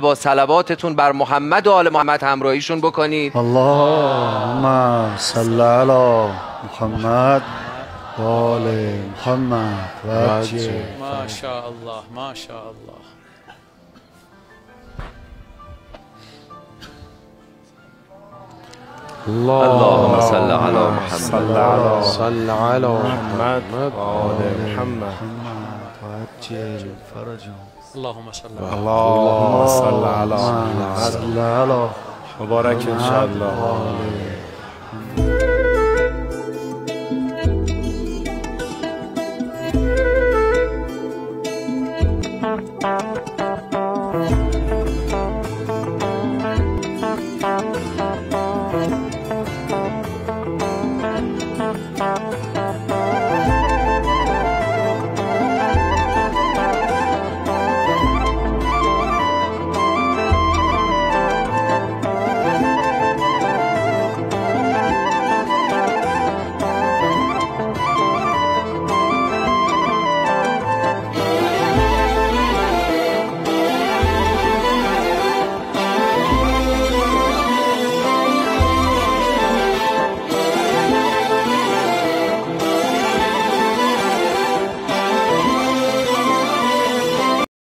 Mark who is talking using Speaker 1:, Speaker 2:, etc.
Speaker 1: با صلواتتون بر محمد و آل محمد همراهیشون بکنید
Speaker 2: اللهم صل علی محمد و آل محمد
Speaker 1: و ما شاء
Speaker 3: الله ما شاء الله
Speaker 1: اللهم صل على محمد صل على محمد آل
Speaker 4: محمد وعجل فرجهم اللهم صل على اللهم صل على محمد صل على
Speaker 2: مبارك ان شاء الله Thank you.